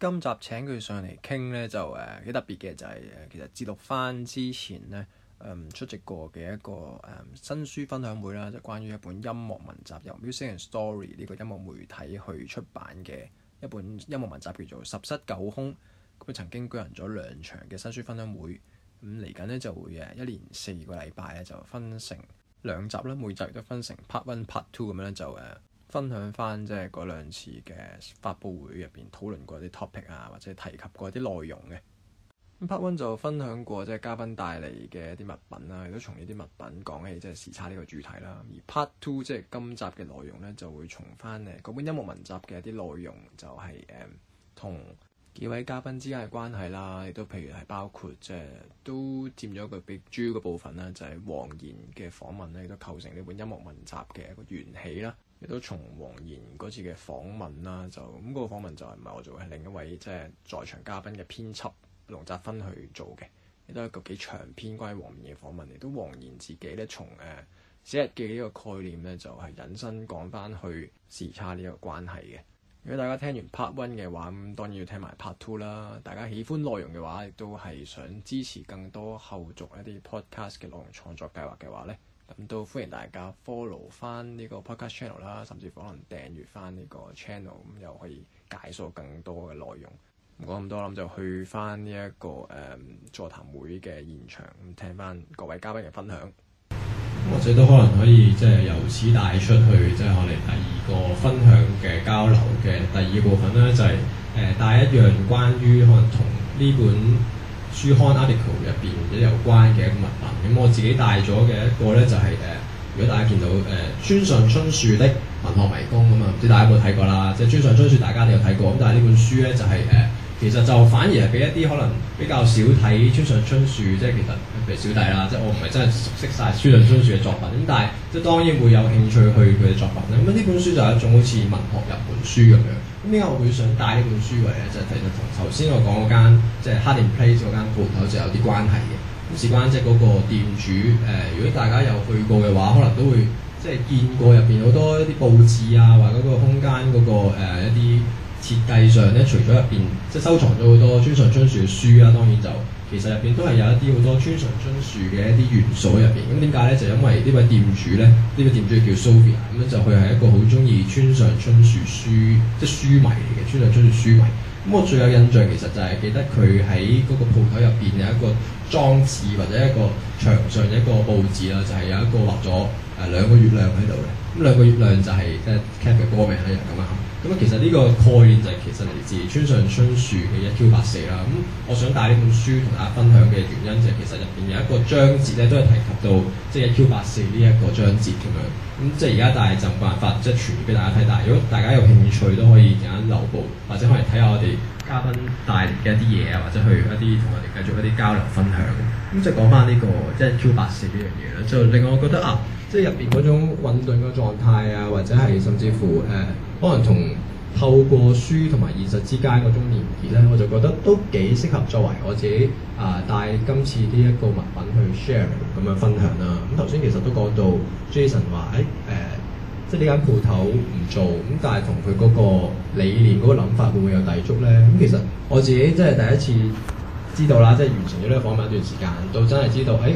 今集請佢上嚟傾咧，就誒幾特別嘅，就係、是、誒其實節錄翻之前咧誒、嗯、出席過嘅一個誒、嗯、新書分享會啦，就是、關於一本音樂文集，由 Musician Story 呢個音樂媒體去出版嘅一本音樂文集，叫做《十室久空》。咁曾經舉行咗兩場嘅新書分享會，咁嚟緊咧就會誒一連四個禮拜咧就分成兩集啦，每集都分成 Part One、Part Two 咁樣咧就誒。啊分享翻即係嗰兩次嘅發佈會入邊討論過啲 topic 啊，或者提及過啲內容嘅。咁 part one 就分享過即係、就是、嘉賓帶嚟嘅一啲物品啦，亦都從呢啲物品講起，即、就、係、是、時差呢個主題啦。而 part two 即係今集嘅內容呢，就會從翻誒本音樂文集嘅一啲內容，就係誒同幾位嘉賓之間嘅關係啦。亦都譬如係包括即係、就是、都佔咗個別主要嘅部分啦，就係黃妍嘅訪問咧，亦都構成呢本音樂文集嘅一個緣起啦。亦都從黃妍嗰次嘅訪問啦，就咁嗰、那個訪問就係唔係我做嘅，係另一位即係、就是、在場嘉賓嘅編輯瀧澤勳去做嘅，亦都係個幾長篇關於黃妍嘅訪問，亦都黃妍自己咧從誒寫、啊、日記呢個概念咧，就係、是、引申講翻去時差呢個關係嘅。如果大家聽完 part one 嘅話，咁當然要聽埋 part two 啦。大家喜歡內容嘅話，亦都係想支持更多後續一啲 podcast 嘅內容創作計劃嘅話咧。咁都歡迎大家 follow 翻呢個 podcast channel 啦，甚至乎可能訂閱翻呢個 channel，咁又可以解鎖更多嘅內容。唔講咁多啦，我諗就去翻呢一個誒、嗯、座談會嘅現場，咁聽翻各位嘉賓嘅分享，或者都可能可以即係、就是、由此帶出去，即係我哋第二個分享嘅交流嘅第二部分咧，就係、是、誒帶一樣關於可能同呢本。書刊 article 入邊一有關嘅一個文文，咁我自己帶咗嘅一個咧就係、是、誒、呃，如果大家見到誒、呃村上春樹的文學迷宮咁啊，唔、嗯、知大家有冇睇過啦？即係村上春樹，大家都有睇過，咁但係呢本書咧就係、是、誒、呃，其實就反而係俾一啲可能比較少睇村上春樹，即係其實譬如小弟啦，即係我唔係真係熟悉晒村上春樹嘅作品，咁但係即係當然會有興趣去佢嘅作品啦。咁呢本書就係一種好似文學入門書咁樣。咁點解我會想帶呢本書嚟咧？即係睇得同頭先我講嗰間，即、就、係、是、Hartland Place 嗰間鋪，好似有啲關係嘅。咁事關即係嗰個店主誒、呃，如果大家有去過嘅話，可能都會即係、就是、見過入邊好多一啲佈置啊，或者個空間嗰、那個、呃、一啲設計上咧，除咗入邊即係收藏咗好多村上春樹嘅書、啊、啦，當然就。其實入邊都係有一啲好多村上春樹嘅一啲元素喺入邊，咁點解咧？就因為呢位店主咧，呢位店主叫 Sophia，咁咧就佢係一個好中意村上春樹書，即係書迷嚟嘅村上春樹書迷。咁我最有印象其實就係、是、記得佢喺嗰個鋪頭入邊有一個裝置或者一個牆上一個佈置啦，就係、是、有一個畫咗誒兩個月亮喺度嘅，咁兩個月亮就係即係 Cap 嘅歌名係咁樣。咁其實呢個概念就係其實嚟自《村上春樹》嘅《一 Q 八四》啦。咁我想帶呢本書同大家分享嘅原因就係其實入邊有一個章節咧都係提及到即係《一 Q 八四》呢一個章節咁樣。咁即係而家大陣辦法即係傳俾大家睇，但係如果大家有興趣都可以陣間留步，或者可能睇下我哋嘉賓帶嚟嘅一啲嘢啊，或者去一啲同我哋繼續一啲交流分享。咁即係講翻呢個《一 Q 八四》呢樣嘢咧，就令我覺得啊～即係入邊嗰種混沌嘅狀態啊，或者係甚至乎誒、呃，可能同透過書同埋現實之間嗰種連結咧，我就覺得都幾適合作為我自己啊、呃、帶今次呢一個物品去 share 咁樣分享啦、啊。咁頭先其實都講到 Jason 話誒、欸呃，即係呢間鋪頭唔做咁，但係同佢嗰個理念嗰個諗法會唔會有抵觸咧？咁、嗯、其實我自己即係第一次知道啦，即、就、係、是、完成咗呢個訪問一段時間，到真係知道誒。欸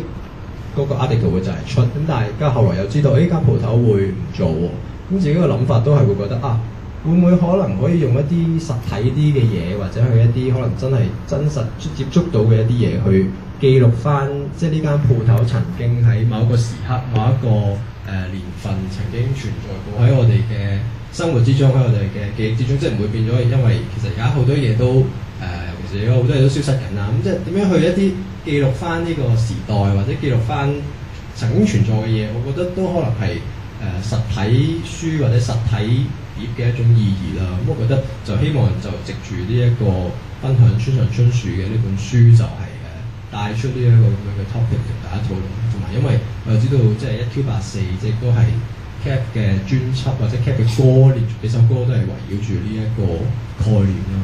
嗰個 article 就係出，咁但係，而家後來又知道，誒間鋪頭會唔做喎、哦，咁自己嘅諗法都係會覺得啊，會唔會可能可以用一啲實體啲嘅嘢，或者去一啲可能真係真實接觸到嘅一啲嘢去記錄翻，即係呢間鋪頭曾經喺某一個時刻、某一個誒、呃、年份曾經存在過喺我哋嘅生活之中、喺我哋嘅記憶之中，即係唔會變咗，因為其實而家好多嘢都誒，呃、尤其是而家好多嘢都消失緊啊，咁即係點樣去一啲記錄翻呢個時代，或者記錄翻曾經存在嘅嘢，我覺得都可能係誒、呃、實體書或者實體碟嘅一種意義啦。咁、嗯、我覺得就希望就藉住呢一個分享《村上春樹》嘅呢本書、就是，就係誒帶出呢一個咁樣嘅 topic 同大家討論。同埋因為我知道即係一 Q 八四，即係都係 Cap 嘅專輯或者 Cap 嘅歌，連幾首歌都係圍繞住呢一個概念啦。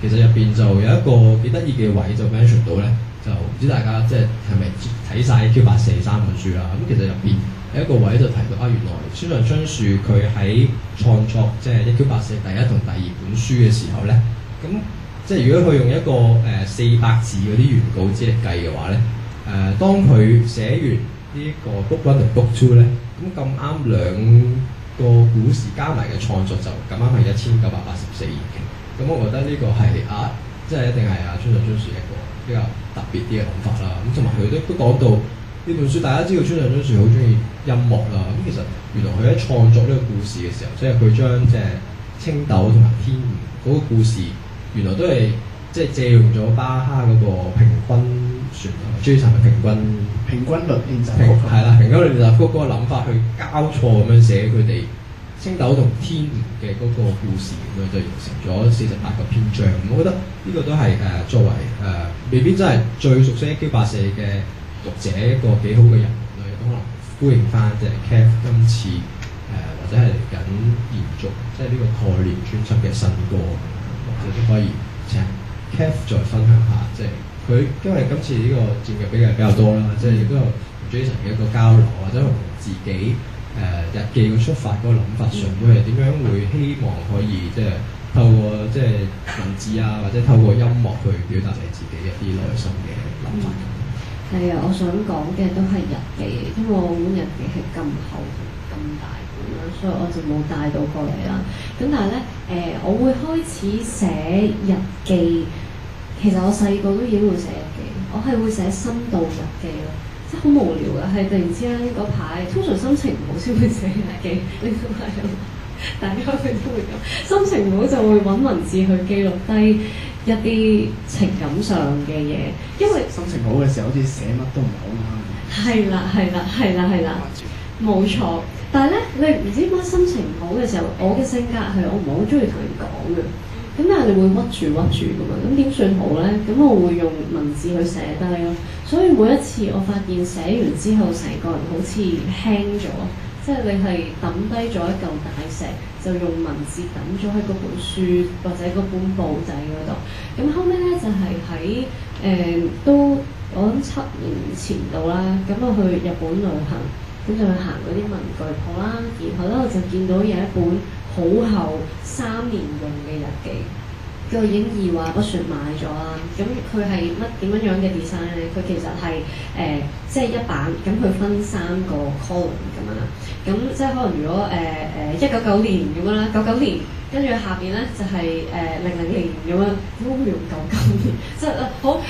咁其實入邊就有一個幾得意嘅位就，就 mention 到咧。就唔知大家即係係咪睇晒《一 Q 八四》三本書啦，啊？咁其實入邊有一個位就提到啊，原來村上春樹佢喺創作即係《一 Q 八四》第一同第二本書嘅時候咧，咁即係如果佢用一個誒四百字嗰啲原稿紙嚟計嘅話咧，誒、呃、當佢寫完呢一個 book one 同 book two 咧，咁咁啱兩個故事加埋嘅創作就咁啱係一千九百八十四頁嘅。咁我覺得呢個係啊，即係一定係啊村上春樹嘅。比較特別啲嘅諗法啦，咁同埋佢都都講到呢本書，大家知道村上春樹好中意音樂啦，咁其實原來佢喺創作呢個故事嘅時候，即係佢將即係青豆同埋天吾嗰個故事，原來都係即係借用咗巴哈嗰個平均旋律，鐘琴嘅平均平均律練習曲係啦，平，平均律練習曲嗰個諗法、嗯、去交錯咁樣寫佢哋。青豆同天吾嘅嗰個故事咁樣就形成咗四十八個篇章。我覺得呢個都係誒作為誒、呃、未必真係最熟悉《1Q84》嘅讀者一個幾好嘅人文咯。亦都可能呼應翻即係 Kev 今次誒、呃、或者係緊延續即係呢、呢個概念專輯嘅新歌，或者都可以請 Kev 再分享下，即係佢因為今次呢個節目比較比較多啦，嗯、即係亦都有 Jason 嘅一個交流，或者同自己。誒、uh, 日記個出發嗰個諗法上，會係點樣會希望可以即係、就是、透過即係、就是、文字啊，或者透過音樂去表達你自己一啲內心嘅諗法。係啊、嗯，我想講嘅都係日記，因為我本日記係咁厚咁大本啦，所以我就冇帶到過嚟啦。咁但係咧，誒、呃，我會開始寫日記。其實我細個都已經會寫日記，我係會寫深度日記咯。真係好無聊㗎，係突然之間嗰排，通常心情唔好先會寫日記。你都係， 大家佢都會咁，心情唔好就會揾文字去記錄低一啲情感上嘅嘢，因為心情好嘅時候好似寫乜都唔好啊。係啦，係啦，係啦，係啦，冇錯。但係咧，你唔知點解心情唔好嘅時候，我嘅性格係我唔好中意同人講嘅。咁但係你會屈住屈住㗎嘛？咁點算好咧？咁我會用文字去寫低咯。所以每一次我發現寫完之後，成個人好似輕咗，即係你係揼低咗一嚿大石，就用文字揼咗喺嗰本書或者嗰本簿仔嗰度。咁後尾咧就係喺誒都我諗七年前度啦。咁我去日本旅行，咁就去行嗰啲文具鋪啦。然後咧我就見到有一本。好厚三年用嘅日記，個影二話不說買咗啦。咁佢係乜點樣樣嘅 design 咧？佢其實係誒、呃、即係一版，咁佢分三個 column 咁樣啦。咁即係可能如果誒誒一九九九年咁樣啦，九、呃、九、呃、年。跟住下邊呢，就係誒零零年咁樣，秒九九呵呵就是、好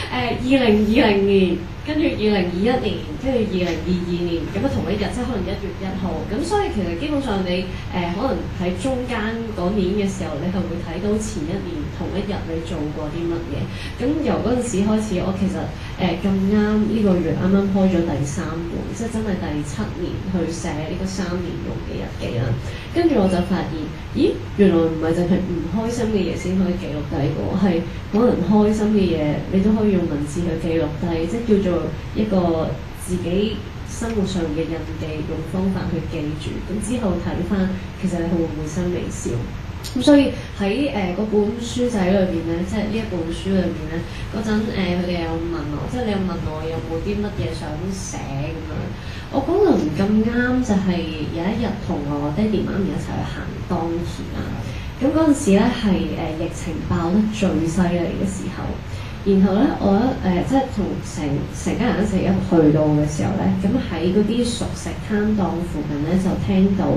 有感覺年，即係好誒二零二零年，跟住二零二一年，跟住二零二二年咁樣同一日，即係可能一月一號。咁所以其實基本上你誒、呃、可能喺中間嗰年嘅時候，你係會睇到前一年同一日你做過啲乜嘢。咁由嗰陣時開始，我其實～誒咁啱呢個月啱啱開咗第三本，即係真係第七年去寫呢個三年用嘅日記啦。跟住我就發現，咦，原來唔係淨係唔開心嘅嘢先可以記錄低嘅，係可能開心嘅嘢你都可以用文字去記錄低，是即係叫做一個自己生活上嘅印記，用方法去記住。咁之後睇翻，其實你係會唔會心微笑？咁所以喺誒嗰本書仔裏邊咧，即係呢一本書裏邊咧，嗰陣誒佢哋有問我，即係你有問我有冇啲乜嘢想寫咁樣。我講到咁啱就係有一日同我爹哋媽咪一齊去行當前啊。咁嗰陣時咧係誒疫情爆得最犀利嘅時候。然後咧，我誒、呃、即係同成成家人一齊一去到嘅時候咧，咁喺嗰啲熟食攤檔附近咧，就聽到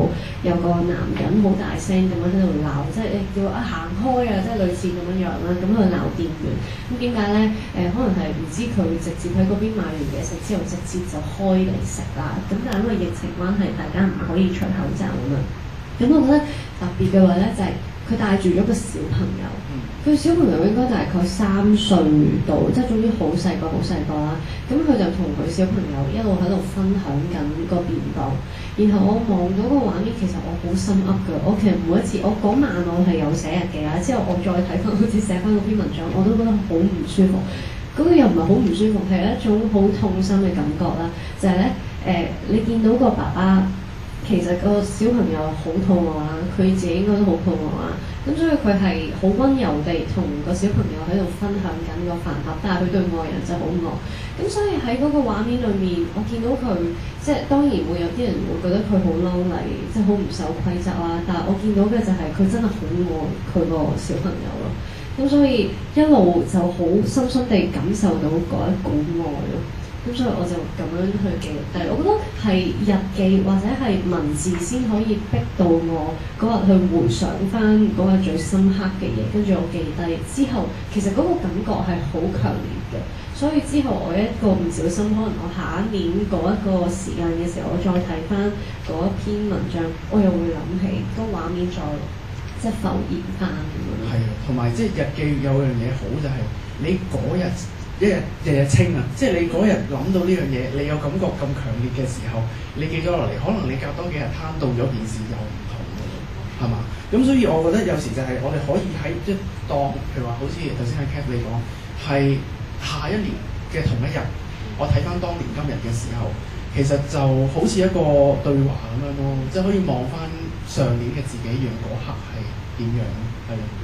有個男人好大聲咁樣喺度鬧，即係、哎、叫一行開啊，即係類似咁樣樣啦，咁喺度鬧店員。咁點解咧？誒，可能係唔知佢直接喺嗰邊買完嘢食之後，直接就開嚟食啦。咁但係因為疫情關係，大家唔可以除口罩咁樣。咁我覺得特別嘅話咧，就係、是。佢帶住咗個小朋友，佢小朋友應該大概三歲到，即係總之好細個，好細個啦。咁佢就同佢小朋友一路喺度分享緊個便當。然後我望到個畫面，其實我好深刻㗎。我其實每一次我講慢，我係有寫日記啊。之後我再睇翻，好似寫翻個篇文章，我都覺得好唔舒服。咁、佢、又唔係好唔舒服，係一種好痛心嘅感覺啦。就係、是、咧，誒、呃，你見到個爸爸。其實個小朋友好肚餓啊，佢自己應該都好肚餓啊，咁所以佢係好溫柔地同個小朋友喺度分享緊個飯盒，但係佢對外人就好惡，咁所以喺嗰個畫面裏面，我見到佢即係當然會有啲人會覺得佢好嬲嚟，即係好唔守規則啦，但係我見到嘅就係佢真係好愛佢個小朋友咯，咁所以一路就好深深地感受到嗰一股愛咯。咁所以我就咁樣去記錄，但係我覺得係日記或者係文字先可以逼到我嗰日去回想翻嗰個最深刻嘅嘢，跟住我記低之後，其實嗰個感覺係好強烈嘅。所以之後我一個唔小心，可能我下一年嗰一個時間嘅時候，我再睇翻嗰一篇文章，我又會諗起個畫面，再即係浮現翻，係啊，同埋即係日記有樣嘢好就係你嗰日。一日日日清啊！即係你嗰日諗到呢樣嘢，你有感覺咁強烈嘅時候，你記咗落嚟，可能你隔多幾日攤到咗件事又唔同嘅，係嘛？咁所以我覺得有時就係我哋可以喺即係當，譬如話好似頭先喺 Kath 你講，係下一年嘅同一日，我睇翻當年今日嘅時候，其實就好似一個對話咁樣咯，即係可以望翻上年嘅自己樣，樣嗰刻係點樣係。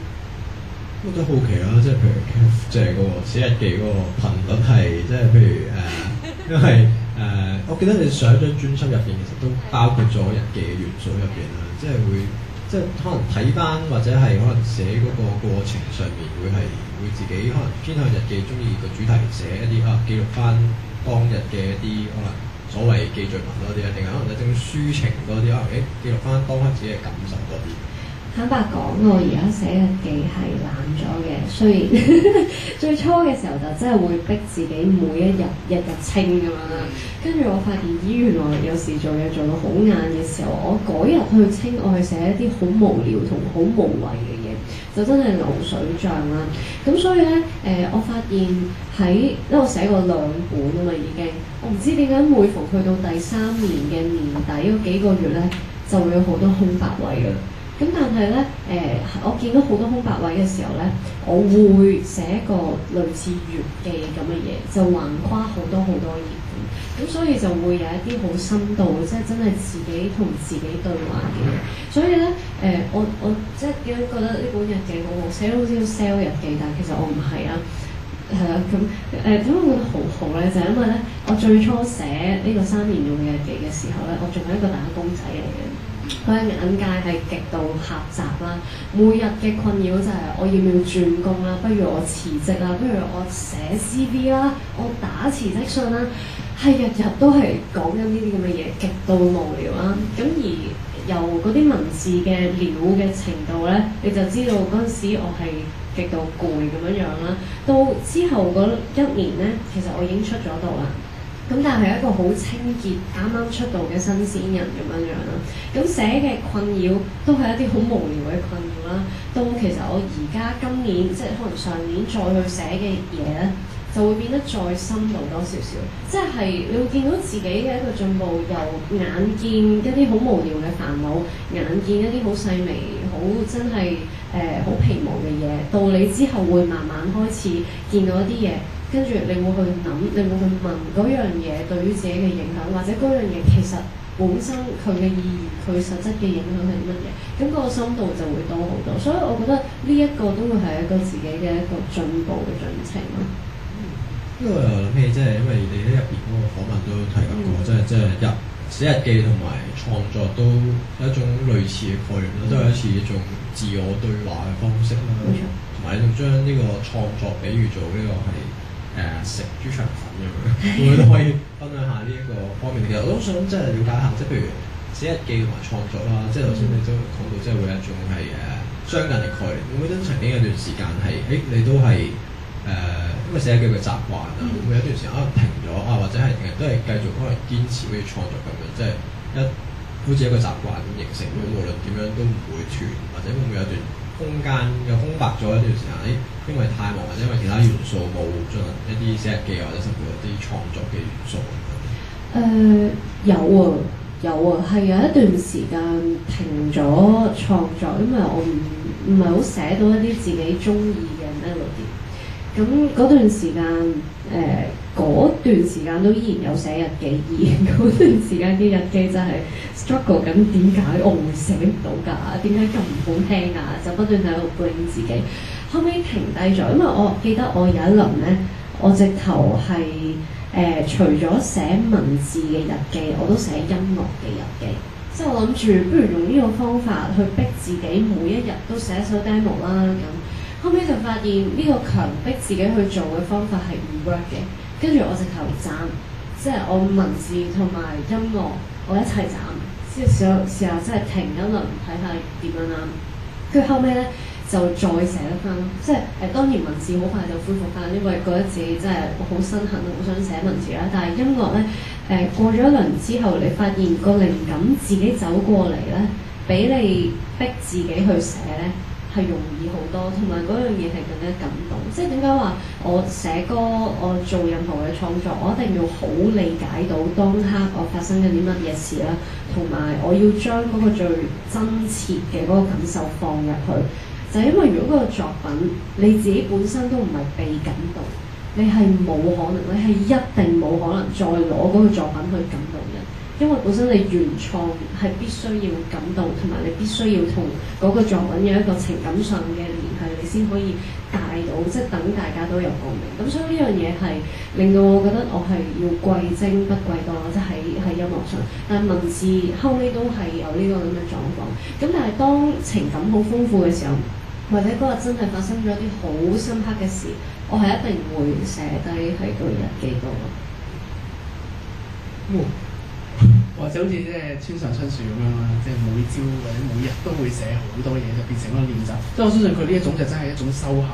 我都好奇啦，即係譬如即係個寫日記嗰個頻率係，即係譬如誒，uh, 因為誒，uh, 我記得你上一張專輯入邊其實都包括咗日記嘅元素入邊啦，即係會即係可能睇翻或者係可能寫嗰個過程上面會係會自己可能偏向日記鍾意嘅主題，寫一啲啊記錄翻當日嘅一啲可能所謂記敘文多啲啊，定係可能有一種抒情多啲啊？誒，記錄翻當刻自己嘅感受嗰啲。坦白講，我而家寫日記係懶咗嘅。雖然 最初嘅時候就真係會逼自己每一日日日清咁樣啦，跟住我發現，咦，原來有時做嘢做到好晏嘅時候，我改日去清，我去寫一啲好無聊同好無謂嘅嘢，就真係流水帳啦。咁所以呢，誒、呃，我發現喺因為我寫過兩本啊嘛已經，我唔知點解每逢去到第三年嘅年底嗰幾個月呢，就會有好多空白位㗎。咁但係咧，誒、呃，我見到好多空白位嘅時候咧，我會寫一個類似月記咁嘅嘢，就橫跨好多好多頁。咁所以就會有一啲好深度，即係真係自己同自己對話嘅嘢。所以咧，誒、呃，我我即係點樣覺得呢本日記好好寫，好似要 sell 日記，但係其實我唔係啊。係啊，咁誒，點解我覺得好好咧？就係因為咧，我最初寫呢個三年用嘅日記嘅時候咧，我仲係一個打工仔嚟嘅。佢嘅眼界係極度狹窄啦，每日嘅困擾就係我要唔要轉工啦，不如我辭職啦，不如我寫 CV 啦，我打辭職信啦，係日日都係講緊呢啲咁嘅嘢，極度無聊啦。咁而由嗰啲文字嘅潦嘅程度咧，你就知道嗰陣時我係極度攰咁樣樣啦。到之後嗰一年咧，其實我已經出咗道啦。咁但係一個好清潔啱啱出道嘅新鮮人咁樣樣啦，咁寫嘅困擾都係一啲好無聊嘅困擾啦。到其實我而家今年即係可能上年再去寫嘅嘢咧，就會變得再深度多少少。即係你會見到自己嘅一個進步，又眼見一啲好無聊嘅煩惱，眼見一啲好細微好真係誒好皮毛嘅嘢，到你之後會慢慢開始見到一啲嘢。跟住你會去諗，你會去問嗰樣嘢對於自己嘅影響，或者嗰樣嘢其實本身佢嘅意義、佢實質嘅影響係乜嘢，咁嗰個深度就會多好多。所以我覺得呢一個都會係一個自己嘅一個進步嘅進程咯。嗯、 呢個又諗起即係因為你喺入邊嗰個訪問都有提及過，嗯、即係即係日寫日記同埋創作都有一種類似嘅概念、嗯、都係一次一種自我對話嘅方式啦，同埋你仲將呢個創作比喻做呢個係。誒食豬腸粉咁樣，會唔 會都可以分享下呢一個方面。 其實我都想即係了解下，即係譬如寫日記同埋創作啦，啊、即係頭先你都講到，即係會有一種係誒相近嘅概念。會唔會都曾經有段時間係，誒、欸、你都係誒、呃、因為寫日記嘅習慣啊，咁有、嗯、一段時間可能停咗啊，或者係日日都係繼續可能堅持嗰啲創作咁樣，即係一好似一個習慣咁形成咗，無論點樣都唔會斷，或者會唔會有段空間又空白咗一段時間？誒、欸。因為太忙，或者因為其他元素冇進行一啲寫日記或者甚至乎一啲創作嘅元素。誒有啊有啊，係有，啊，有一段時間停咗創作，因為我唔唔係好寫到一啲自己中意嘅 melody。咁段時間，誒，呃，嗰段時間都依然有寫日記，而段時間啲日記就係 struggle 緊點解我會寫唔到㗎？點解咁唔好聽啊？就不斷喺度 bling 自己。後尾停低咗，因為我記得我有一輪咧，我直頭係誒，除咗寫文字嘅日記，我都寫音樂嘅日記。即係我諗住，不如用呢個方法去逼自己每一日都寫一首 demo 啦。咁後尾就發現呢個強迫自己去做嘅方法係唔 work 嘅。跟住我直頭斬，即係我文字同埋音樂我一齊斬，試試即係想試下即係停一輪睇下點樣啦。佢後尾咧。就再寫得翻即係誒、呃。當然文字好快就恢復翻，因為覺得自己真係好生痕啊，好想寫文字啦。但係音樂呢，誒、呃、過咗一輪之後，你發現個靈感自己走過嚟呢，比你逼自己去寫呢，係容易好多，同埋嗰樣嘢係更加感動。即係點解話我寫歌，我做任何嘅創作，我一定要好理解到當刻我發生緊啲乜嘢事啦，同埋我要將嗰個最真切嘅嗰個感受放入去。就因為如果個作品你自己本身都唔係被感動，你係冇可能，你係一定冇可能再攞個作品去感動人，因為本身你原創係必須要感動，同埋你必須要同個作品有一個情感上嘅。係你先可以帶到，即係等大家都有共鳴。咁所以呢樣嘢係令到我覺得我係要貴精不貴多，即係喺音樂上。但文字後尾都係有呢個咁嘅狀況。咁但係當情感好豐富嘅時候，或者嗰日真係發生咗啲好深刻嘅事，我係一定會寫低喺個日記度。嗯或者好似即係村上春樹咁樣啦，即、就、係、是、每朝或者每日都會寫好多嘢，就變成一個練習。即係我相信佢呢一種就真係一種修行。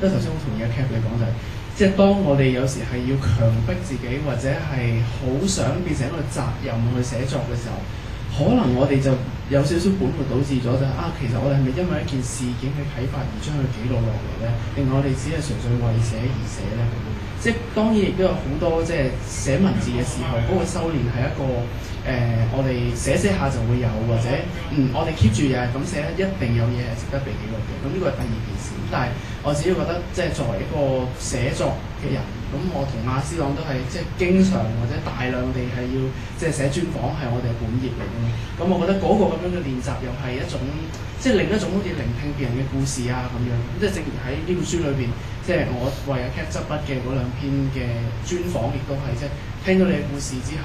即係頭先我同意阿 Cap 嚟講就係、是，即係當我哋有時係要強迫自己，或者係好想變成一個責任去寫作嘅時候，可能我哋就有少少本末倒置咗。就啊，其實我哋係咪因為一件事件嘅啟發而將佢記錄落嚟咧？另外我哋只係純粹為寫而寫咧？即係當然亦都有好多即係寫文字嘅時候，嗰個修煉係一個誒、呃、我哋寫寫下就會有，或者嗯，我哋 keep 住又係咁寫，一定有嘢係值得被記錄嘅。咁呢個係第二件事。咁但係我自己覺得即係作為一個寫作嘅人。咁我同阿思朗都係即係經常或者大量地係要即係寫專訪，係我哋嘅本業嚟嘅。咁我覺得嗰個咁樣嘅練習又係一種即係另一種好似聆聽別人嘅故事啊咁樣，即係正如喺呢本書裏邊，即係我為阿 Kate 執筆嘅嗰兩篇嘅專訪，亦都係即係聽到你嘅故事之後，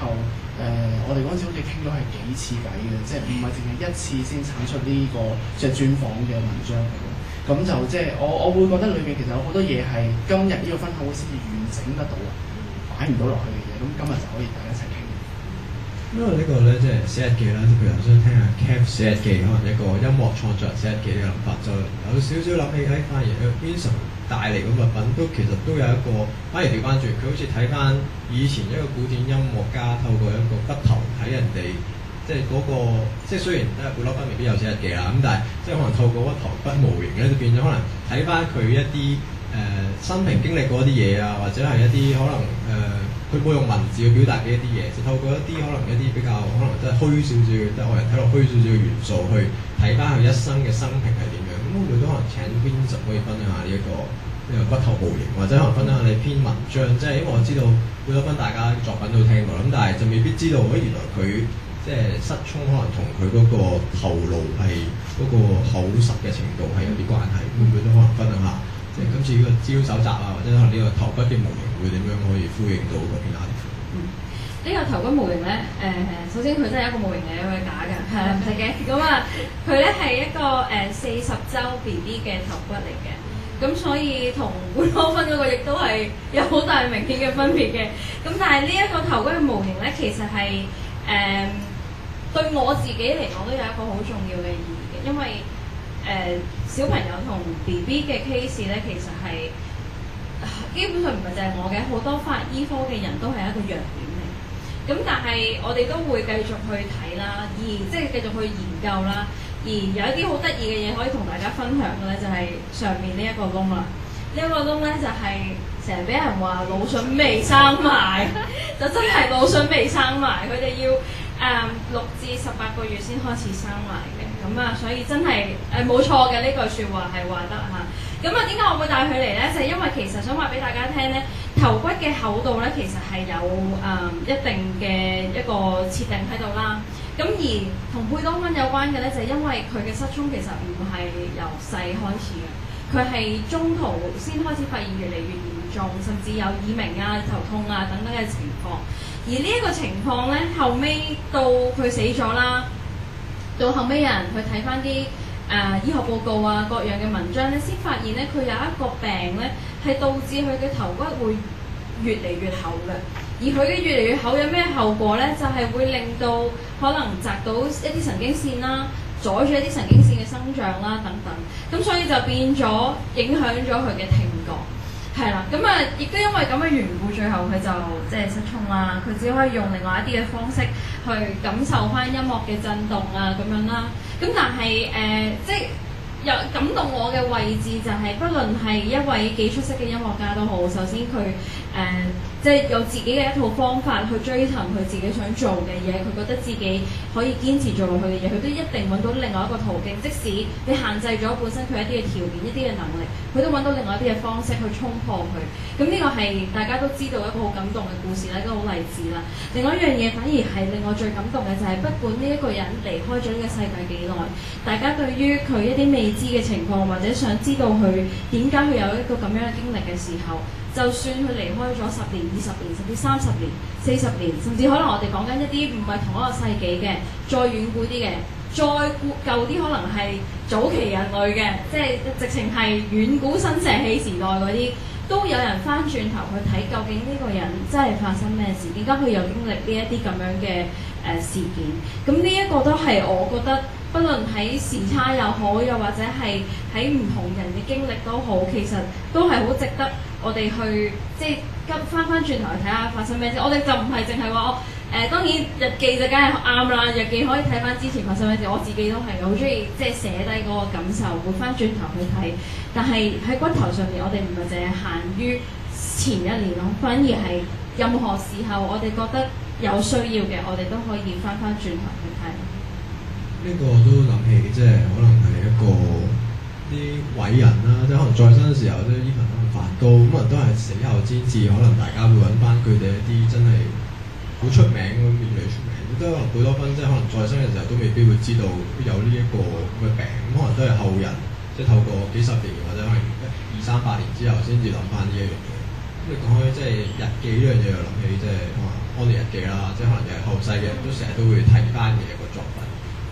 誒，我哋嗰陣時好似傾咗係幾次偈嘅，即係唔係淨係一次先產出呢個著專訪嘅文章。咁就即係我我會覺得裏面其實有好多嘢係今日呢個分享會先至完整得到，擺唔到落去嘅嘢，咁今日就可以大家一齊傾。因為呢個咧即係寫日記啦，譬如我想聽下 Cap 寫日記，可能一個音樂創作人寫日記嘅諗法，就有少少諗起，喺反而喺 v i 帶嚟嘅物品都其實都有一個，反而調翻轉，佢好似睇翻以前一個古典音樂家透過一個筆頭睇人哋，即係嗰個即係雖然都係貝多芬未必有寫日記啦，咁但係。即係可能透過一頭骨模型咧，就變咗可能睇翻佢一啲誒生平經歷過一啲嘢啊，或者係一啲可能誒佢冇用文字去表達嘅一啲嘢，就透過一啲可能一啲比較可能即係虛少少，即係我哋睇落虛少少嘅元素去睇翻佢一生嘅生平係點樣。咁我哋都可能請 Vincent 可以分享下呢、呢、一個呢、呢個骨頭模型，或者可能分享下你篇文章，即係因為我知道好多分大家作品都聽過，咁但係就未必知道啊原來佢。即係失聰可能同佢嗰個頭顱係嗰個厚實嘅程度係有啲關係，嗯、會唔會都可能分享下？嗯、即係今次呢個招手砸啊，或者可能呢個頭骨嘅模型會點樣可以呼應到嗰邊啊？嗯，呢、嗯、個頭骨模型咧，誒、呃，首先佢真係一個模型嚟，佢假㗎，係唔使驚。咁啊，佢咧係一個誒、呃、四十周 B B 嘅頭骨嚟嘅，咁、嗯、所以同換科分嗰個亦都係有好大明顯嘅分別嘅。咁、嗯、但係呢一個頭骨嘅模型咧，其實係誒。嗯嗯嗯對我自己嚟講都有一個好重要嘅意義嘅，因為誒、呃、小朋友同 B B 嘅 case 咧，其實係、呃、基本上唔係就係我嘅，好多法醫科嘅人都係一個弱點嚟。咁但係我哋都會繼續去睇啦，而即係繼續去研究啦。而有一啲好得意嘅嘢可以同大家分享嘅咧，就係、是、上面、這個、呢一個窿啦。呢一個窿咧就係成日俾人話腦囟未生埋， 就真係腦囟未生埋，佢哋要。誒六至十八個月先開始生埋嘅，咁啊，所以真係誒冇錯嘅呢句説話係話得嚇。咁啊，點解、啊、我會帶佢嚟呢？就係、是、因為其實想話俾大家聽呢，頭骨嘅厚度呢，其實係有誒、嗯、一定嘅一個設定喺度啦。咁、啊、而同貝多芬有關嘅呢，就係、是、因為佢嘅失聰其實唔係由細開始嘅，佢係中途先開始發現越嚟越嚴重，甚至有耳鳴啊、頭痛啊等等嘅情況。而呢一個情況咧，後尾到佢死咗啦，到後尾有人去睇翻啲誒醫學報告啊、各樣嘅文章，咧先發現咧，佢有一個病咧，係導致佢嘅頭骨會越嚟越厚嘅。而佢嘅越嚟越厚有咩後果咧？就係會令到可能窒到一啲神經綫啦，阻住一啲神經綫嘅生長啦等等。咁所以就變咗影響咗佢嘅聽。係啦，咁啊，亦都因為咁嘅緣故，最後佢就即係、就是、失聰啦。佢只可以用另外一啲嘅方式去感受翻音樂嘅震動啊，咁樣啦。咁但係誒、呃，即係有感動我嘅位置就係、是，不論係一位幾出色嘅音樂家都好，首先佢。誒、嗯，即係有自己嘅一套方法去追尋佢自己想做嘅嘢，佢覺得自己可以堅持做落去嘅嘢，佢都一定揾到另外一個途徑。即使你限制咗本身佢一啲嘅條件、一啲嘅能力，佢都揾到另外一啲嘅方式去衝破佢。咁、嗯、呢個係大家都知道一個好感動嘅故事啦，一個好例子啦。另外一樣嘢反而係令我最感動嘅就係，不管呢一個人離開咗呢個世界幾耐，大家對於佢一啲未知嘅情況或者想知道佢點解佢有一個咁樣嘅經歷嘅時候。就算佢離開咗十年、二十年，甚至三十年、四十年，甚至可能我哋講緊一啲唔係同一個世紀嘅，再遠古啲嘅，再古舊啲，可能係早期人類嘅，即係直情係遠古新石器時代嗰啲，都有人翻轉頭去睇究竟呢個人真係發生咩事，點解佢又經歷呢一啲咁樣嘅誒事件？咁呢一個都係我覺得，不論喺時差又好，又或者係喺唔同人嘅經歷都好，其實都係好值得。我哋去即係急翻翻轉頭去睇下發生咩事，我哋就唔係淨係話我誒、呃、當然日記就梗係啱啦，日記可以睇翻之前發生咩事，我自己都係好中意即係寫低嗰個感受，會翻轉頭去睇。但係喺軍頭上面，我哋唔係淨係限於前一年咯，反而係任何時候，我哋覺得有需要嘅，我哋都可以翻翻轉頭去睇。呢個我都諗起，即係可能係一個。啲偉人啦，即係可能再生嘅時候咧，呢份都係梵高咁，可能都係死後先至，可能大家會揾翻佢哋一啲真係好出名咁樣嚟出名。咁都貝多芬即係可能再生嘅時候都未必會知道有呢一個咁嘅病，咁可能都係後人即係透過幾十年或者可能二三百年之後先至諗翻呢一樣嘢。咁你講開即係日記呢樣嘢，又諗起即係安妮日記啦，即係可能又係後世嘅人都成日都會睇翻嘅一個作品。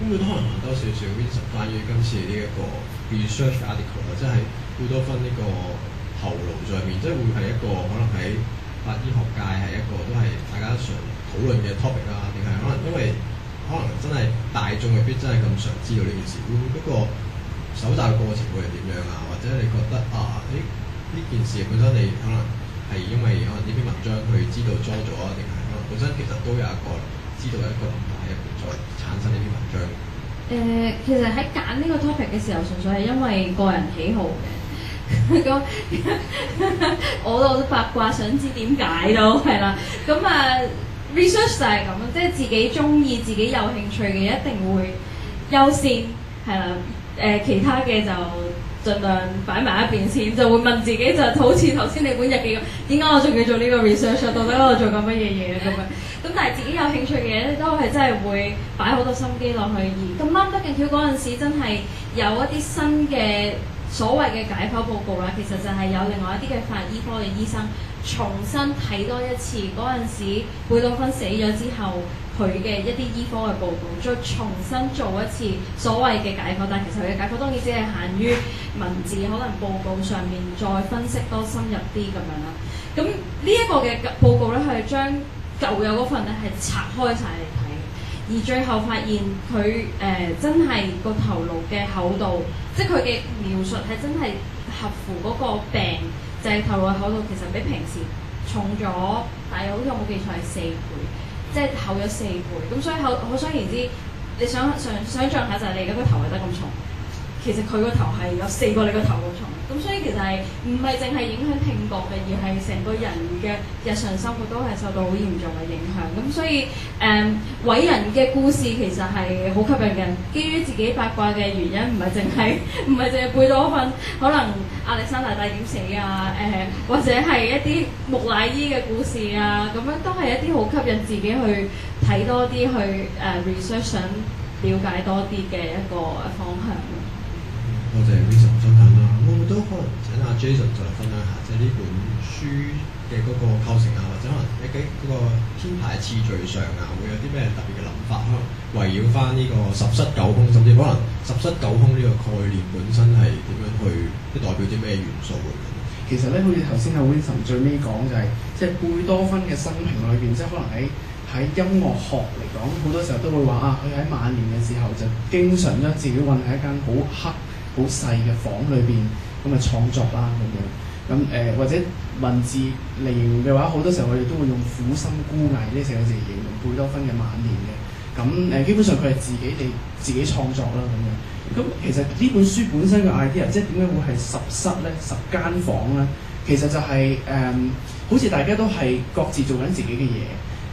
咁佢都可能多多少少 link 翻於今次呢一個。research article 啊，即係貝多芬呢個喉嚨上面，即係會係一個可能喺法醫學界係一個都係大家常討論嘅 topic 啦，定係可能因為可能真係大眾未必真係咁常知道呢件事。咁嗰個蒐集嘅過程會係點樣啊？或者你覺得啊，誒、欸、呢件事本身你可能係因為可能呢篇文章佢知道裝咗啊，定係可能本身其實都有一個知道有一個問題喺入面，再產生呢篇文章。誒其實喺揀呢個 topic 嘅時候，純粹係因為個人喜好。咁我我都好八卦，想知點解都係啦。咁啊，research 就係咁咯，即係自己中意、自己有興趣嘅一定會優先。係啦，誒、呃、其他嘅就。盡量擺埋一邊先，就會問自己，就好似頭先你本日記咁，點解我仲要做呢個 research？到、啊、底我做緊乜嘢嘢咁樣？咁 但係自己有興趣嘅嘢，都係真係會擺好多心機落去。而咁啱，畢竟 跳嗰陣時真係有一啲新嘅。所謂嘅解剖報告啦，其實就係有另外一啲嘅法醫科嘅醫生重新睇多一次，嗰陣時貝多芬死咗之後佢嘅一啲醫科嘅報告，再重新做一次所謂嘅解剖，但其實佢嘅解剖當然只係限於文字，可能報告上面再分析多深入啲咁樣啦。咁呢一個嘅報告咧，係將舊有嗰份咧，係拆開晒嚟睇，而最後發現佢誒、呃、真係個頭顱嘅厚度。即係佢嘅描述係真係合乎嗰個病，就係、是、頭嘅厚度其實比平時重咗，但係好似我冇記錯係四倍，即、就、係、是、厚咗四倍。咁所以好可想而知，你想想想像下就係你而家個頭係得咁重，其實佢個頭係有四個你個頭咁重。咁、嗯、所以其實係唔係淨係影響聽覺嘅，而係成個人嘅日常生活都係受到好嚴重嘅影響。咁、嗯、所以誒、嗯，偉人嘅故事其實係好吸引嘅。基於自己八卦嘅原因，唔係淨係唔係淨係貝多芬，可能亞歷山大大帝點死啊？誒、嗯，或者係一啲木乃伊嘅故事啊，咁、嗯、樣都係一啲好吸引自己去睇多啲、去誒 research 想了解多啲嘅一個方向。我都可能請阿 Jason 就嚟分享下，即係呢本書嘅嗰個構成啊，或者可能你喺嗰個編排次序上啊，會有啲咩特別嘅諗法？可能圍繞翻呢個十室久空，甚至可能十室久空呢個概念本身係點樣去，即係代表啲咩元素嚟嘅？其實咧，好似頭先阿 Winson 最尾講就係、是，即係貝多芬嘅生平裏邊，即係可能喺喺音樂學嚟講，好多時候都會話啊，佢喺晚年嘅時候就經常將自己困喺一間好黑，好細嘅房裏邊咁嘅創作啦咁樣，咁誒、呃、或者文字嚟嘅話，好多時候我哋都會用苦心孤詣呢四個字形容貝多芬嘅晚年嘅，咁誒、呃、基本上佢係自己嚟自己創作啦咁樣，咁其實呢本書本身嘅 idea 即係點解會係十室咧，十間房咧，其實就係、是、誒、呃、好似大家都係各自做緊自己嘅嘢。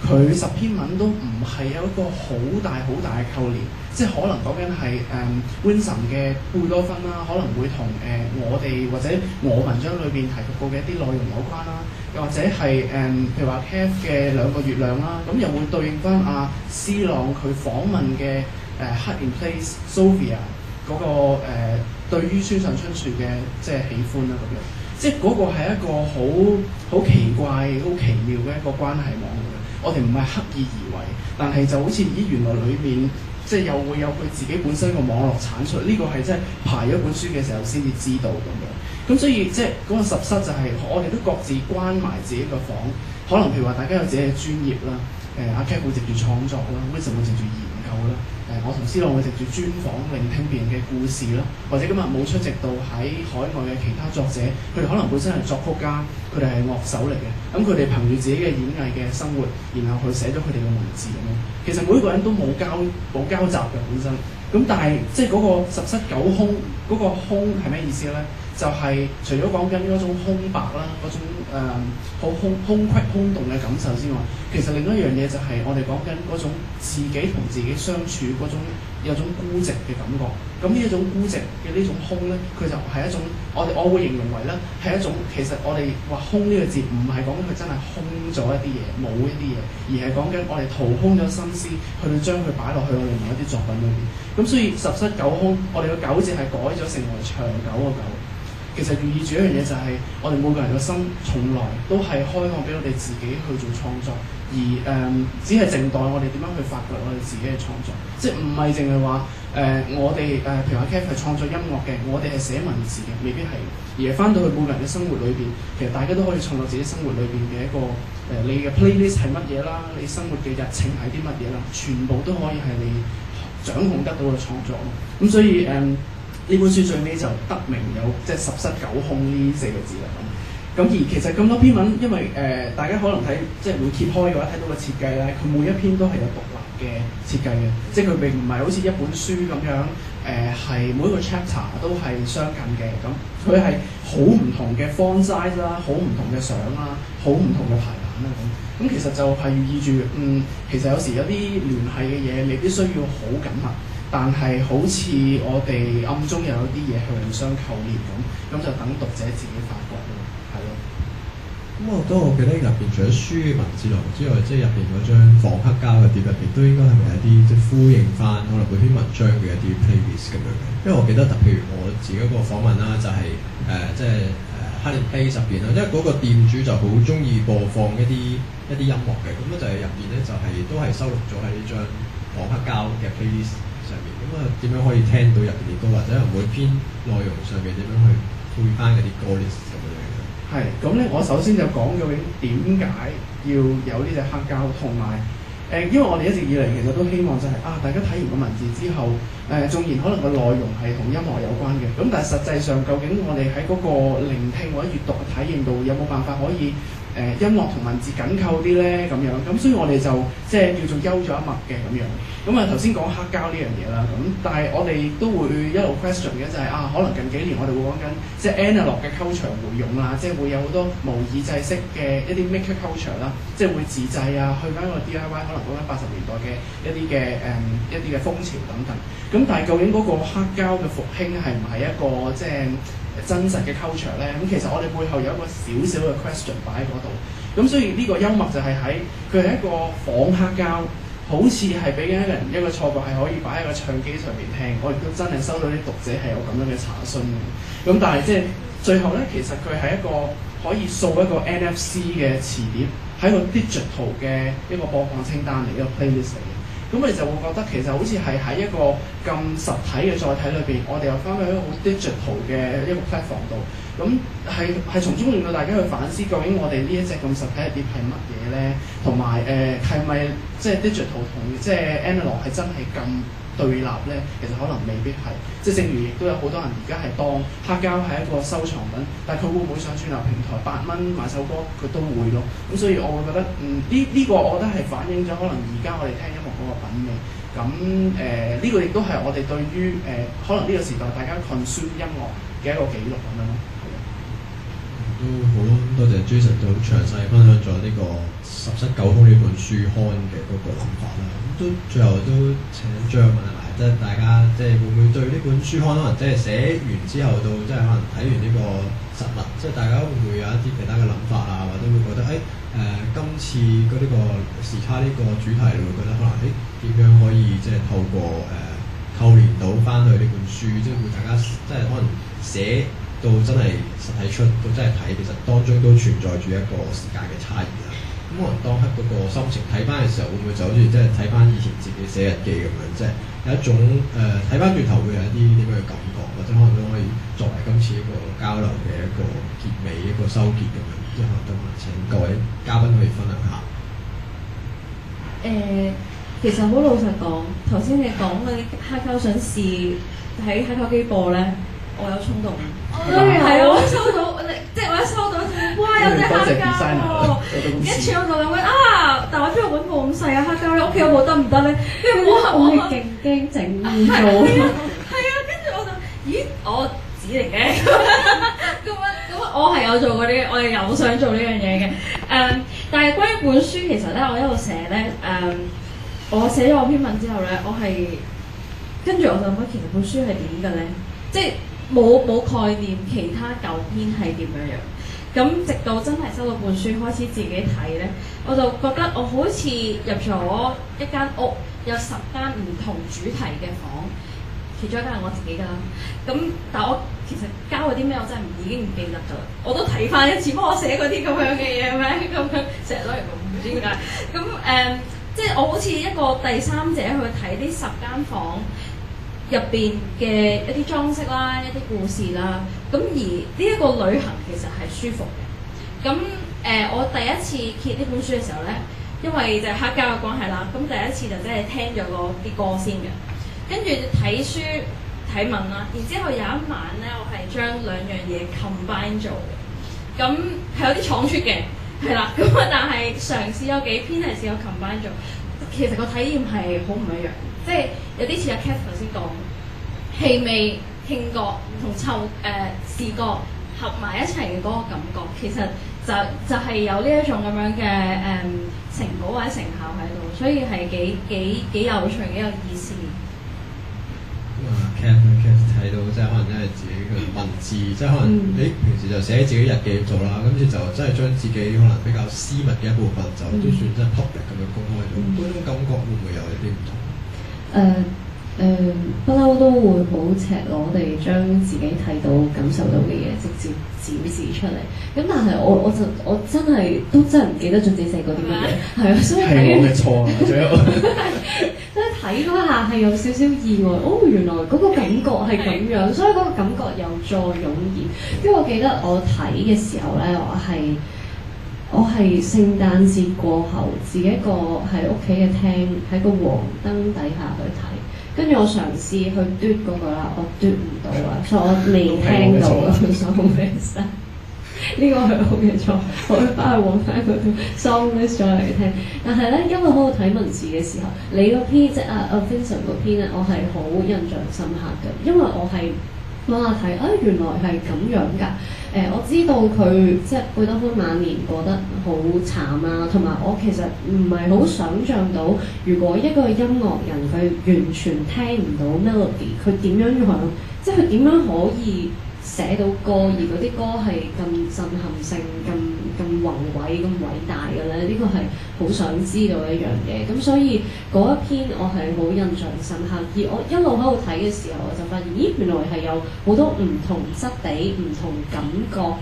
佢十篇文都唔係有一個好大好大嘅扣連，即係可能講緊係誒 Winson 嘅貝多芬啦，可能會同誒、呃、我哋或者我文章裏邊提及過嘅一啲內容有關啦，又或者係誒、嗯、譬如話 KF 嘅兩個月亮啦，咁、嗯、又會對應翻阿 C 朗佢訪問嘅誒黑 in Place Sophia、嗰個誒、呃、對於村上春樹嘅即係喜歡啦咁樣，即係個係一個好好奇怪、好奇妙嘅一個關係網。我哋唔係刻意而為，但係就好似咦，原來裏面，即係又會有佢自己本身個網絡產出呢個係即係排咗本書嘅時候先至知道咁樣。咁所以即係嗰個十室就係我哋都各自關埋自己個房，可能譬如話大家有自己嘅專業啦。誒阿 K a p 會藉住創作啦，Wilson、啊、會藉住研究啦。誒我同 C 朗會藉住專訪、聆聽別人嘅故事啦。或者今日冇出席到喺海外嘅其他作者，佢哋可能本身係作曲家，佢哋係樂手嚟嘅。咁佢哋憑住自己嘅演藝嘅生活，然後去寫咗佢哋嘅文字咁樣、啊。其實每個人都冇交冇交集嘅本身。咁、啊、但係即係嗰個十室久空，嗰、那個空係咩意思咧？就係除咗講緊呢種空白啦，嗰種好空、空隙、空洞嘅感受之外，其實另一樣嘢就係我哋講緊嗰種自己同自己相處嗰種有種孤寂嘅感覺。咁呢一種孤寂嘅呢種空呢，佢就係一種我哋，我會形容為呢，係一種其實我哋話空呢個字唔係講緊佢真係空咗一啲嘢冇一啲嘢，而係講緊我哋掏空咗心思去將佢擺落去我哋某一啲作品裏邊。咁所以十室九空，我哋嘅九字係改咗成為長久嘅久」。其實寓意住一樣嘢就係，我哋每個人嘅心從來都係開放俾我哋自己去做創作，而誒、嗯、只係靜待我哋點樣去發掘我哋自己嘅創作，即係唔係淨係話誒我哋誒譬如話 K 係創作音樂嘅，我哋係寫文字嘅，未必係，而係翻到去每個人嘅生活裏邊，其實大家都可以創作自己生活裏邊嘅一個誒、呃，你嘅 playlist 係乜嘢啦，你生活嘅日程係啲乜嘢啦，全部都可以係你掌控得到嘅創作咁、嗯、所以誒。嗯呢本書最尾就得名有即係十室久空呢四個字啦咁。咁而其實咁多篇文，因為誒、呃、大家可能睇即係會揭開嘅話，睇到個設計咧，佢每一篇都係有獨立嘅設計嘅，即係佢並唔係好似一本書咁樣誒，係、呃、每一個 chapter 都係相近嘅咁。佢係好唔同嘅 font size 啦，好唔同嘅相啦，好唔同嘅排版啦咁。咁其實就係意味住，嗯，其實有時有啲聯繫嘅嘢，你必須要好緊密。但係好似我哋暗中有一啲嘢互相扣連咁，咁就等讀者自己發覺咯，係咯。咁我覺得我記得入邊除咗書嘅文字內容之外，即係入邊嗰張仿黑膠嘅碟入邊，都應該係咪一啲即係呼應翻可能每篇文章嘅一啲 playlist 咁樣嘅？因為我記得特別我自己一個訪問啦，就係、是、誒、呃、即係誒、呃、哈利派入邊啦，因為嗰個店主就好中意播放一啲一啲音樂嘅，咁咧就係入邊咧就係、是、都係收錄咗喺呢張仿黑膠嘅 playlist 咁啊，點樣可以聽到入邊啲歌，或者每篇內容上面點樣去配翻嗰啲歌咧，咁樣樣？係，咁咧，我首先就講究竟點解要有呢隻黑膠，同埋誒，因為我哋一直以嚟其實都希望就係、是、啊，大家睇完個文字之後，誒、呃，縱然可能個內容係同音樂有關嘅，咁但係實際上究竟我哋喺嗰個聆聽或者閲讀嘅體驗度，有冇辦法可以？誒音樂同文字緊扣啲咧，咁樣咁，所以我哋就即係叫做休咗一默嘅咁樣。咁啊頭先講黑膠呢樣嘢啦，咁但係我哋都會一路 question 嘅、就係，就係啊，可能近幾年我哋會講緊即係 analog 嘅溝場會用啦，即係會有好多模擬制式嘅一啲 maker culture 啦，即係會自製啊，去翻個 DIY，可能講緊八十年代嘅一啲嘅誒一啲嘅風潮等等。咁但係究竟嗰個黑膠嘅復興係唔係一個即係？真實嘅 culture 咧，咁其實我哋背後有一個少少嘅 question 擺喺嗰度，咁所以呢個音樂就係喺佢係一個仿黑膠，好似係俾緊一個人一個錯覺，係可以擺喺個唱機上面聽。我亦都真係收到啲讀者係有咁樣嘅查詢嘅，咁但係即係最後咧，其實佢係一個可以掃一個 NFC 嘅磁碟喺個 digital 嘅一個播放清單嚟，一個 playlist 嚟嘅。咁我哋就會覺得其實好似係喺一個咁實體嘅載體裏邊，我哋又翻去一個好 digital 嘅一個 platform 度。咁係係從中令到大家去反思，究竟我哋呢一隻咁實體嘅碟係乜嘢咧？同埋誒係、呃、咪即係 digital 同即係、就是、analog 係真係咁對立咧？其實可能未必係，即係正如亦都有好多人而家係當黑膠係一個收藏品，但係佢會唔會上串流平台八蚊買首歌？佢都會咯。咁所以我會覺得嗯呢呢、這個我覺得係反映咗可能而家我哋聽。咁誒呢個亦都係我哋對於誒、呃、可能呢個時代大家 consume 音樂嘅一個記錄咁樣咯。嗯嗯、都好多謝 Jason 都詳細分享咗呢個十室久空呢本書刊嘅嗰個諗法啦。咁都最後都請將問埋即係大家即係會唔會對呢本書刊可能即係寫完之後到即係可能睇完呢個實物，即、就、係、是、大家會唔會有一啲其他嘅諗法啊，或者會覺得誒、哎誒、呃、今次嗰呢個時差呢個主題，你會覺得可能，誒點樣可以即係透過誒扣連到翻去呢本書，即係會大家即係可能寫到真係實體出，到真係睇，其實當中都存在住一個時間嘅差異啦。咁可能當刻嗰個心情睇翻嘅時候，會唔會就好似即係睇翻以前自己寫日記咁樣，即係有一種誒睇翻轉頭會有一啲點樣嘅感覺，或者可能都可以作為今次一個交流嘅一個結尾、一個收結咁樣。即係我覺得，請各位嘉賓可以分享下。誒、呃，其實好老實講，頭先你講嗰啲黑膠想試喺黑膠機播咧。我有衝動，都係我收到， 即係我一收到，哇！有隻黑膠，跟住我就諗，啊！但我邊度揾部咁細嘅黑膠咧？屋企有部得唔得咧？跟住哇！我係勁驚整亂咗，係啊！跟住、啊、我就咦，我指嚟嘅咁樣，咁 我係有做過有做、um, 呢，我係有想做呢樣嘢嘅。誒，但係關於本書其實咧，我一路寫咧，誒，我寫咗個篇文之後咧，我係跟住我就諗，其實本書係點嘅咧？即係。冇冇概念，其他舊篇係點樣樣？咁直到真係收到本書，開始自己睇咧，我就覺得我好似入咗一間屋，有十間唔同主題嘅房，其中一間係我自己㗎。咁但係我其實交嗰啲咩，我真係唔已經唔記得咗。我都睇翻一次，幫我寫嗰啲咁樣嘅嘢咩？咁樣成日攞嚟講唔知點解。咁誒，um, 即係我好似一個第三者去睇呢十間房。入邊嘅一啲裝飾啦，一啲故事啦，咁而呢一個旅行其實係舒服嘅。咁誒、呃，我第一次揭呢本書嘅時候呢，因為就係黑膠嘅關係啦，咁第一次就真係聽咗個啲歌先嘅，跟住睇書睇文啦，然之後有一晚呢，我係將兩樣嘢 combine 做嘅，咁係有啲倉促嘅，係啦，咁啊但係嘗試有幾篇係試有 combine 做，其實個體驗係好唔一樣。即係有啲似阿 Cat 頭先講氣味、聽、聽覺同臭誒、呃、視覺合埋一齊嗰個感覺，其實就就係、是、有呢一種咁樣嘅誒、呃、成果或者成效喺度，所以係幾幾幾有趣、幾有意思。啊 Cat Cat 睇到即係可能真係自己嘅文字，嗯、即係可能誒、嗯、平時就寫自己日記做啦，跟住就真係將自己可能比較私密嘅一部分，嗯、就都算真係 public 咁樣公開咗。嗰種感覺會唔會有一啲唔同？誒誒，不嬲、uh, uh, 都會好赤裸地將自己睇到感受到嘅嘢直接展示出嚟。咁但係我我就我真係都真係唔記得咗自己寫過啲乜嘢，係啊，所以係我嘅錯，睇嗰下係有少少意外。哦，原來嗰個感覺係咁樣， 所以嗰個感覺又再湧現。因為我記得我睇嘅時候咧，我係。我係聖誕節過後自己一個喺屋企嘅廳喺個黃燈底下去睇，跟住我嘗試去嘟嗰個啦，我嘟唔到啊，所以我未聽到啊，sorry 呢個係我嘅錯, 錯，我會翻去黃燈嗰度 sorry m 再嚟聽。但係咧，因為我好睇文字嘅時候，你個篇即係啊啊 Vincent 個篇咧，我係好印象深刻嘅，因為我係。哇！睇啊，原來係咁樣㗎。誒，我知道佢即係貝多芬晚年過得好慘啊，同埋我其實唔係好想象到，如果一個音樂人佢完全聽唔到 melody，佢點樣響，即係佢點樣可以寫到歌，而啲歌係咁震撼性、咁。咁宏偉、咁偉大嘅咧，呢個係好想知道一樣嘢。咁所以嗰一篇我係好印象深刻，而我一路喺度睇嘅時候，我就發現咦，原來係有好多唔同質地、唔同感覺，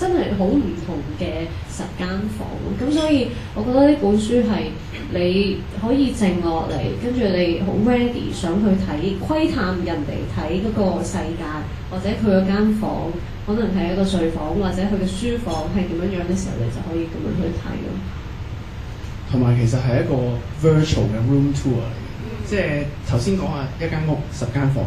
真係好唔同嘅十間房。咁所以，我覺得呢本書係。你可以靜落嚟，跟住你好 ready，想去睇窺探人哋睇嗰個世界，或者佢嗰間房可能係一個睡房，或者佢嘅書房係點樣樣嘅時候，你就可以咁樣去睇咯。同埋其實係一個 virtual 嘅 room tour 嚟嘅，即係頭先講下一間屋十間房。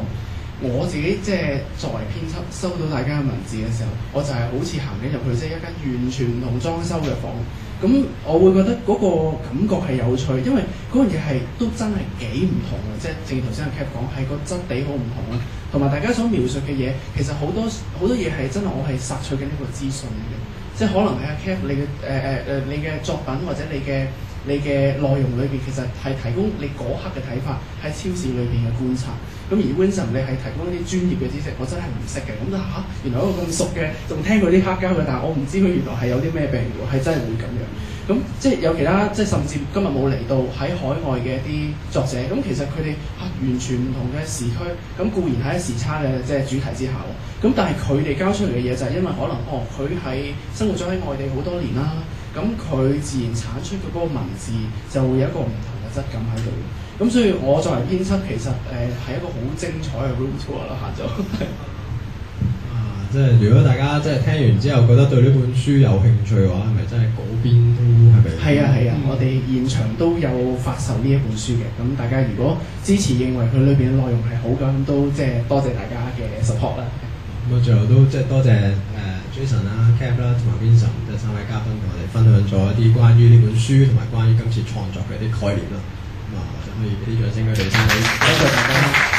我自己即係作為編輯收到大家嘅文字嘅時候，我就係好似行緊入去即係、就是、一間完全唔同裝修嘅房。咁我會覺得嗰個感覺係有趣，因為嗰樣嘢係都真係幾唔同嘅，即係正如頭先阿 cap 講係個質地好唔同啦，同埋大家所描述嘅嘢，其實好多好多嘢係真係我係拾取緊呢個資訊嘅，即係可能係阿 cap 你嘅誒誒誒你嘅、呃呃、作品或者你嘅。你嘅內容裏邊其實係提供你嗰刻嘅睇法，喺超市裏邊嘅觀察，咁而 Winson 你係提供一啲專業嘅知識，我真係唔識嘅。咁啊嚇，原來我咁熟嘅，仲聽佢啲黑膠嘅，但係我唔知佢原來係有啲咩病㗎喎，係真係會咁樣。咁即係有其他即係甚至今日冇嚟到喺海外嘅一啲作者，咁其實佢哋嚇完全唔同嘅時區，咁固然喺時差嘅即係主題之下，咁但係佢哋交出嚟嘅嘢就係因為可能哦，佢喺生活咗喺外地好多年啦、啊。咁佢自然產出嘅嗰個文字就會有一個唔同嘅質感喺度嘅，咁所以我作為編輯，其實誒係、呃、一個好精彩嘅 room tour 啦，下 晝啊，即係如果大家即係聽完之後覺得對呢本書有興趣嘅話，係咪真係嗰邊都係咪？係啊係啊，啊嗯、我哋現場都有發售呢一本書嘅，咁大家如果支持認為佢裏邊嘅內容係好嘅，咁都即係多謝大家嘅 support 啦。咁啊，最後都即係多謝誒。呃 Jason 啦，Cap 啦，同埋 Vinson，即係三位嘉賓同我哋分享咗一啲關於呢本書同埋關於今次創作嘅一啲概念啦。咁啊，可以畀啲掌聲佢哋先。多謝大家。